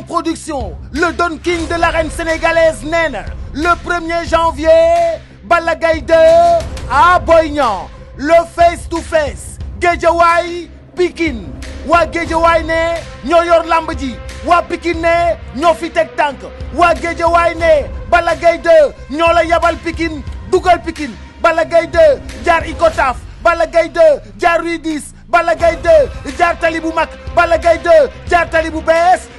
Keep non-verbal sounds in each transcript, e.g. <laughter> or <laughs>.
Gaston Production le Don King de l'arène sénégalaise nee na le premier janvier Balla Gaye à Boy Niang le face to face Guédiawaye Pikine waa Guédiawaye ne ñoo yor lamb ji waa Pikine ne ñoo fi teg tànk waa Guédiawaye ne Balla Gaye 2 ñoo la yabal Pikine dugal Pikine Balla Gaye 2 jaar Ikotaf Balla Gaye 2 jaar Balla Gaye 2 jaar bu mag Balla Gaye 2 jaar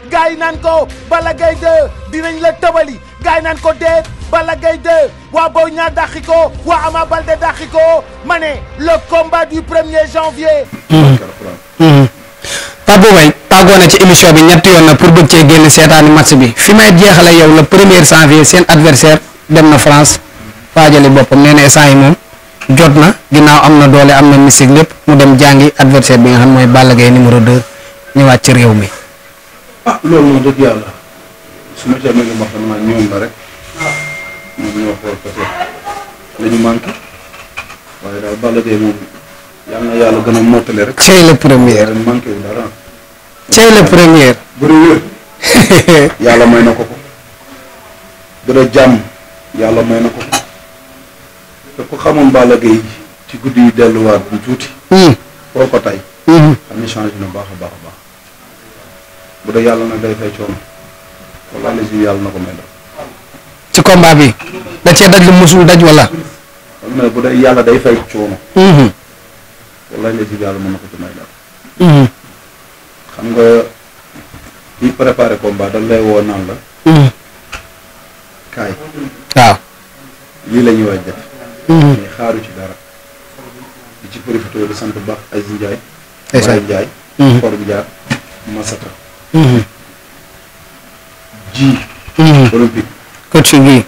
gars yi naan ko Balla Gaye 2 dinañ la tëbali gars yi naan ko déet Balla Gaye 2 waa Boy Niang dàqi ko waa Ama Baldé ko ma ne le combat du premier janvier. Pape Boye tàggoo na ci émission bi ñetti yoon na pour bëgg génn seetaani match bi fi may jeexale yow le premier janvier seen adversaire dem na France waajali boppam nee na saa yi moom jot na ginnaaw am na doole am na mystique lépp mu dem jàngi adversaire bi nga xam mooy Balla Gaye numéro 2 ñëwaat ci réew mi. ah lool moom dëgg yàlla su ma ca amee ma dëgg man ñoom la rek moom ñoo xool peut-être dañu manqué waaye daal Balla Gaye moom yal na yàlla gën a mottale rek. c'est le premier manqué wu dara. c'est le premier. yàlla may na ko ko. dara jàmm yàlla may na ko ko. te ko xamoon Balla Gaye ci guddi delluwaat bu tuuti. Hmm. foo ko tey. Hmm. xam ne change na baax a baax a baax. bu dee yàlla nag day fay coono wala les yi yàlla na ko may def. ci combat bi da cee daj lu musul daj wala. xam bu dee yàlla day fay coono. Mhm. wala les yi yàlla mën na ko ci may def. Mhm. xam nga bi préparé combat dañ lay woo naan la. Mhm. waaw. lii la ñuy waaj def. mais xaaru ci dara. di ci profité di sant bu baax Aziz Ndiaye. Aziz Ndiaye Baye ji. borom bi. kër si gii.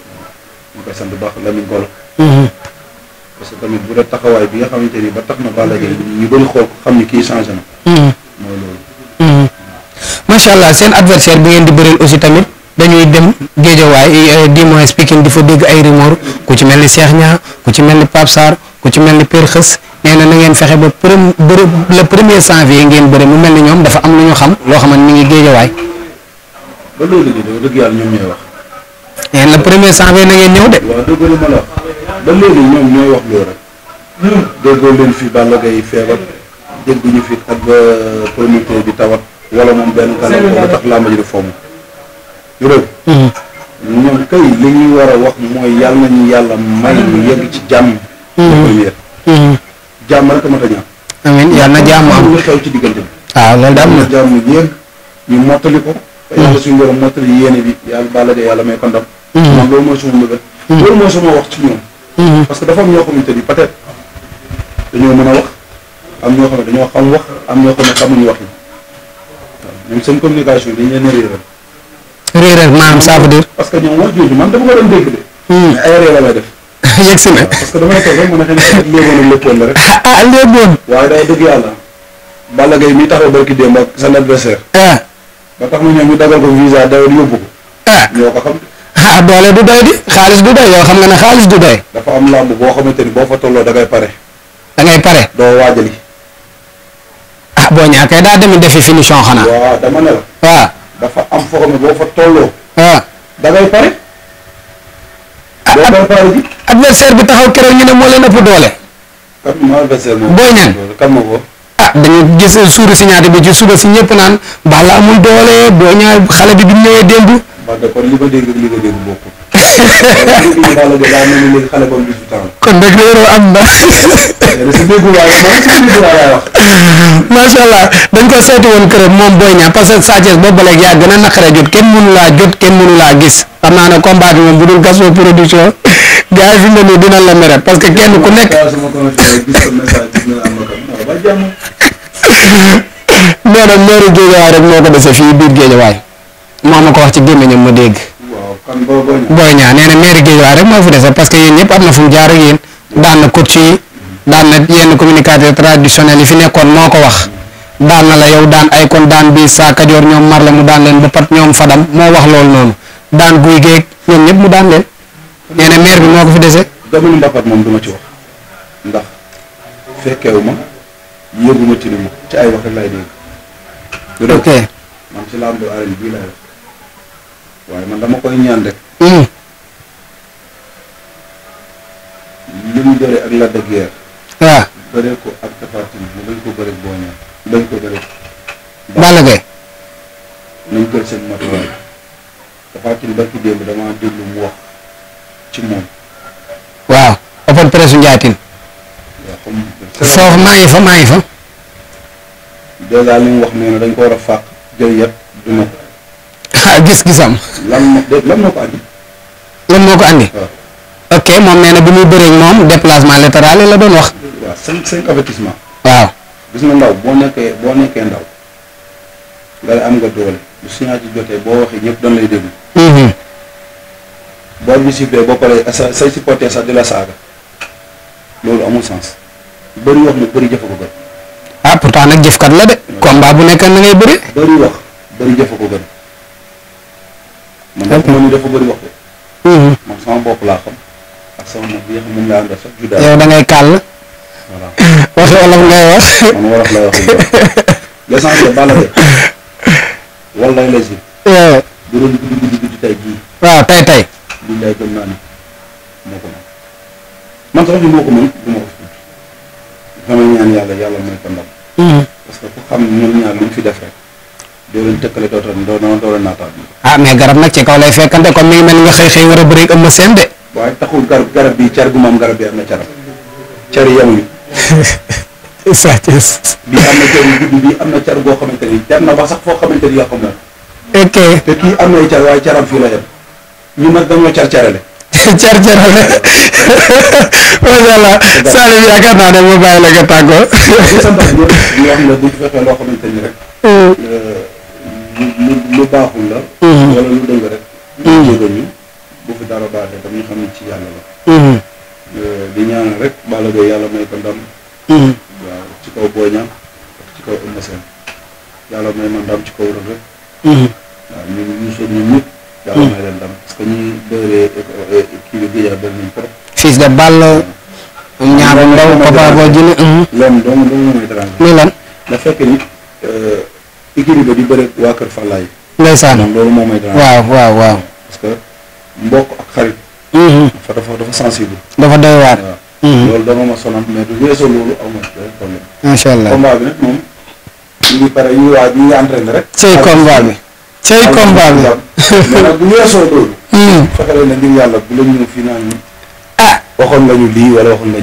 ma koy sant bu baax Lamine Golo. Mm-hmm. parce que tamit bu dee taxawaay bi nga xamante ni ba tax na Balla Gaye ñu bëri xool ko xam ni kii changé na. Mm-hmm. mooy mm-hmm. allah seen adversaire bi ngeen di bëreel aussi tamit dañuy dem géejawaay eh, di moins speaking di fa dégg ay rumeur ku ci mel ni Cheikh Niang ku ci mel ni Pape Sarr. ci mel ni Père Xës nee na ngeen fexe ba premier le premier janvier ngeen bëre mu mel ni ñoom dafa am lu ñu xam loo xamante ni ngi géejawaay. ba loolu de dëgg yàlla ñoom ñooy wax. nee na premier janvier na ngeen ñëw de. waaw dëgg ñooy wax loolu rek. déggoo leen fi Balla Gaye feebar dégguñu fi ak euh, promoteur bi tawat wala moom benn kanam ba tax làmb ji fomm. Mhm. ñoom kay li ñuy war a wax mooy yàlla nañu may ñu yegg ci jàmm. la mm-hmm. première. Mm-hmm. jàmm rek a mat a ñaan. amiin yàlla na jàmm am ci diggante bi. Ah, waaw loolu daal na jàmm yéeg ñu mottali ko. Mm-hmm. yàlla suñu borom mottali yéene bi yàlla bàlla de yàlla may ko ndam. man loolu mooy suma mbëggal. loolu mooy suma wax ci ñoom. parce que dafa am ñoo xamante ni peut être dañoo mën a wax am ñoo xam wax am ñoo xam ne xamuñu wax yi ñoom seen communication dañ leen a réeral. réeral maanaam ça veut parce que ñoom wax jooju man dama ko doon dégg de. mais ay réeral lay def. <laughs> yegg si na. parce que damay toog rek man xëy na ah, ah, ah, waaye day dëgg yàlla. Balla Gaye mi taxaw barki démb ak seen adversaire. ah. ba tax na ñoom ñu dagal ko visa dawal yóbbu ko. ah doole du doy di xaalis du doy yoo xam nga ne xaalis du doy. dafa am làmb boo xamante ni boo fa tolloo da ngay pare. da ngay pare. doo waajali. ah boo ñàkkee daa dem defi finition xanaa. waaw dama ne la. dafa am foo xam ne boo fa tolloo. waaw da pare. ah doo pare ji. adversaire bi taxaw keroog ñu ne moo leen ëpp doole. kat ma adversaire moom booy ñaan ah dañu gis suuru si ñaata bi ci suba si ñëpp naan Balla amul doole booy ñaar xale bi bi mu ñëwee démb. waaw d'accord li ma dégg li nga dégg bokkul. kon nag réeroo am na. <laughs> allah dañ ko seeti woon këram moom Boy Niang parce que Sa Thiès boobu ba yaa gën a naqaree jot kenn mënu laa jot kenn mënu laa gis xam naa ne combat bi moom bu dul gasoo production. <laughs> gars yi fi mu ne dina la mere parce que kenn ku nekk. nee na meeru Géejawaay rek moo ko dese fii biir Géejawaay moo ma ko wax ci gémmiñam ma dégg. booy ñaa nee na meeru Géejawaay rek moo fi dese parce que yéen ñëpp am na fu mu jaar ak yéen daan na coach yi daan na yenn communicateur traditionnel yi fi nekkoon moo ko wax. daan na la yow daan ay kon daan bii saa Kajoor ñoom Marle mu daan leen ba pat ñoom Fadam moo wax loolu noonu daan guy geeg ñoom ñëpp mu daan leen. nee na maire bi moo ko fi dese. domaine moom du ci wax ndax fekkewu ma yëgu ma ci ci ay wax rek laay dégg. ok man ci làmb arène bii laay wax waaye man dama koy ñaan rek. Hmm. li mu bëree ak Lac de Guiers. waaw ah. bëree ko ak Tapha Tine mu bañ ko bëree Boy Niang bañ ko nañ jël seen matuwaay. Tapha Tine barki démb damaa déglu mu wax. ci moom. waaw open presse Ndiaye Tine. foofu maa ngi fa maa ngi fa. dèjà li mu wax nee dañ ko war a fàq jël yat duma ko. ah gis-gisam. la moo lan ko andi. lan moo ko andi. ok moom nee na muy bëreeg moom déplacement latéral la doon wax. waaw cinq cinq gis nga ndaw boo nekkee boo nekkee ndaw nga am nga doole bu signature jotee boo waxee ñëpp dañ lay abisible ba pare sa say supporter sax di la saaga loolu amul sens bëri wax nag bëri jëfa ko gën ah pourtant nag jëfkat la de combat bu nekk na ngay bëri bëri wax bëri jëfa ko ma ñu dafa bëri wax de man sama bopp laa xam ak sama moom bi nga xam moom laa àndal sax juda yow da ngay kàll waxi wolof ngay wax waaw tey tey moo ko mën man sax ni moo ko mën du ma ko fi damay ñaan yàlla yàlla mooy ko ndam. Hmm. parce que ku xam ñoom ñaar lu ñu fi def rek doo leen tëkkale doo doon doo doon doo leen naataat. ah mais garab nag ci kaw lay fekkante kon mi ngi mel nga xëy xëy war a bëri am na de. waaye taxul garab garab bi car gu ma am garab bi am na caram car yamuñu. saa tees. bii am na car yu gudd bii am na car goo na ba sax foo xamante ni yoo te kii am na car caram fii la yem. ñu nag dañoo carcarale <laughs> carcarale <laughs> macha allah Salim yaakaar naa ne ma bàyyi la nga tàggoo ñu wax la duñ fexe loo rek <laughs> mm. euh, lu lu baaxul la mm-hmm. wala lu dëng rek ñu jégal ñu bu fi dara baaxee tam ñu xam ne ci yàlla la mm-hmm. euh, di ñaan rek Balla Gaye yàlla may mm-hmm. ci kaw booñaam ci kaw ëmb ma ndam ci kaw ñu ñu yàlla may leen ndam bi de balle. ñaar ndaw papa boo jëlee. loolu doomu doomu mooy dara. muy lan da fekk ni euh, waa Kër Fallaye. ndeysaan donc loolu moom mooy dara. waaw waaw waaw. parce que mbokk ak xarit. Mm-hmm. dafa dafa waar. Mm-hmm. loolu da nga ma sonal mais du weesoo loolu bi nag moom ñu ngi pare bi. cey combat bi mais nag bu ñu weesoo loolu. fexe leen ngir yàlla bu la ñu fii naan. ah waxoon nga luy waxoon nga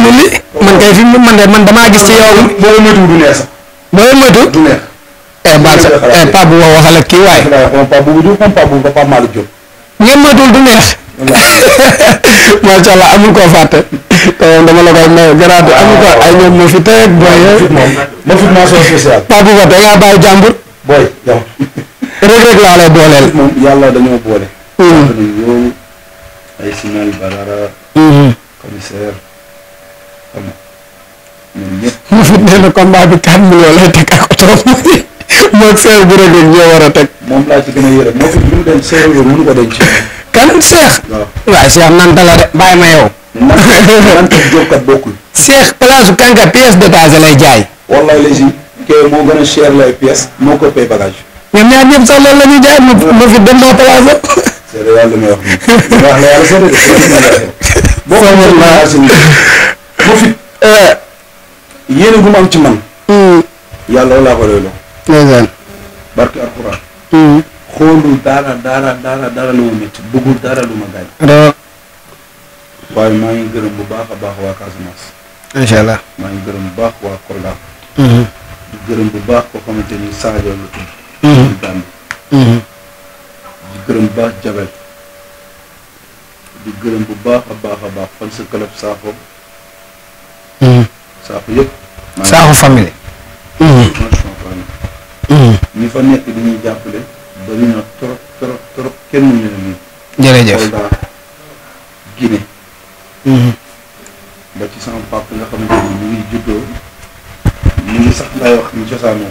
ñu lii. man kay fi man de man damaa gis ci yow. boo moytu du neex sax. boo moytu du neex. allah amul koo fàtte. te dama la koy amul ko ay ñoom ñoo fi teg booy. ma fit ma spécial. Pape Boubou da ngaa bàyyi booy yow. rek rek laa lay booleel. moom yàlla dañoo boole. Mm. dañoo yóbbu ay Sinal Badara. Mm-hmm. commissaire xam nga ñun ñëpp. <laughs> mu fi nee na combat bi 4 millions lay teg ak oto <laughs> moog seex bu rek rek ñoo war a teg. moom laa ci gën a yërëm moo fi mu dem seex yooyu mënu ko denc. kan seex. waaw waaw seex nan de bàyyi ma yow. nan nan teg jóob kat lay jaay. kee moo gën a cher lay pièces moo ko pay bagage. ñoom ñaar ñëpp sax la ñuy jaay mu fi dem naa place c'est vrai yàlla may wax nii wax la yàlla soo dee boo ko mën naa suñu bu fi eh. yéene gu ma am ci man hmm. yàlla laa ko doyloo ndeysaan barke alxuraan hmm. xoolul dara dara dara dara lu ma métti bëggul dara lu ma gaañ waaye maa ngi gërëm bu baax a baax waa Casamance incha allah maa ngi gërëm bu baax waa Kolda hmm. di gërëm bu baax koo xamante ni Sadio la tudd. Mm-hmm. Mm-hmm. di gërëm bu baax Jabel. di gërëm bu baax a baax a baax fan sa club Sakho. Mm-hmm. Sakho yëpp. Sakho famille. ñi fa nekk di ñuy jàppale bari na trop trop kenn ñu ne nii. jërëjëf Kolda Guinée. ba ci sama papa nga xamante ni ngi juddoo. li sax Mbaye wax ñu cosaanoo.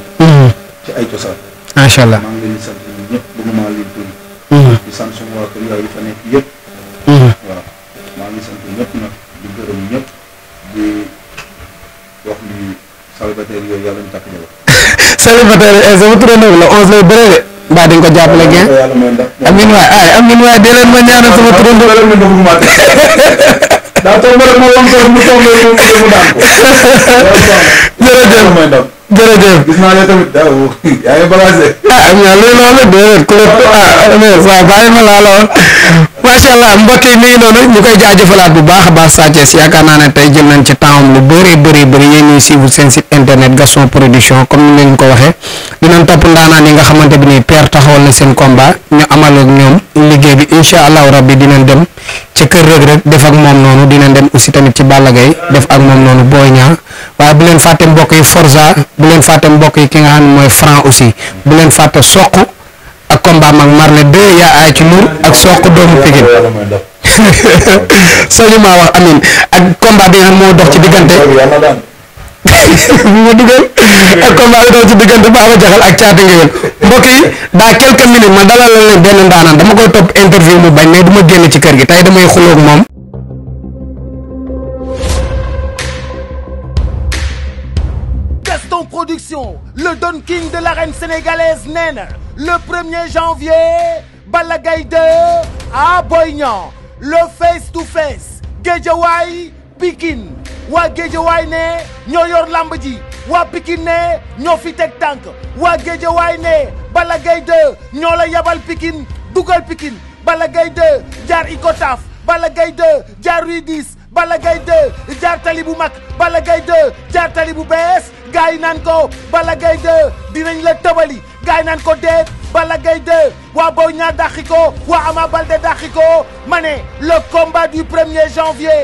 ci ay cosaan. macha allah maa ngi leen di sant ñëpp bëgg maa leen tur. di sant suñu waa kër yooyu la onze lay bëree de. mbaa di nga ko jàppale ngeen. amiin waay ay amiin waay dee leen ma ñaanal sama turandoo. daa tombé naa ah, la déedéet ku la ah mais waaw bàyyi mbokk yi nii noonu ñu koy jaajëfalaat bu baax a baax Sa Thiès yaakaar naa ne tey jël nañ ci temps lu bëree bëri bëri yéen ñuy suivre seen site internet Gaston Production comme ni ñu ko waxee dinañ topp ndaanaan yi nga xamante bi nii Père taxawal na seen combat ñu amal ak ñoom liggéey bi incha allahu rabbi dinañ dem. ca kër Reug Reug def ak moom noonu dina dem aussi tamit ci Balla Gaye def ak moom noonu Boy Niang waaye bu leen fàtte mbokk yi Forza bu leen fàtte mbokk yi ki nga xam mooy Franc aussi bu leen fàtte soq ak combat mag Marley 2 yaa aay ci luur ak soq doomu Pikine <laughs> soo ñu maa wax amin ak combat bi nga xam moo dox ci diggante mu <laughs> ma dugal ak <laughs> combat doon ci diggante Baba Jaxal ak Caati Ngéwél mbokk yi dans quelques minutes ma dalal leen benn ndaanaan dama koy topp interview mu bañ mais du génn ci kër gi tey damay xulóog moom Gaston Production le Don King de l'arène sénégalaise nee le premier janvier Balla Gaye 2 Boy Niang le face to face Guédiawaye Pikine waa Guédiawaye ne ñoo yor làmb ji waa Pikine ne ñoo fi teg tànk waa Géejawaay ne Balla Gaye 2 ñoo la yabal Pikine dugal Pikine Balla Gaye 2 jaar Icotaf Balla Gaye 2 jaar Rue 10 Balla Gaye 2 jaar tali bu mag Balla gay 2 jaar tali bu bees gars yi ko Balla Gaye 2 dinañ la tëbali gars nan ko déet Balla Gaye 2 waa Boy Niang ko waa Ama Baldé dàqi ko ma ne le du premier janvier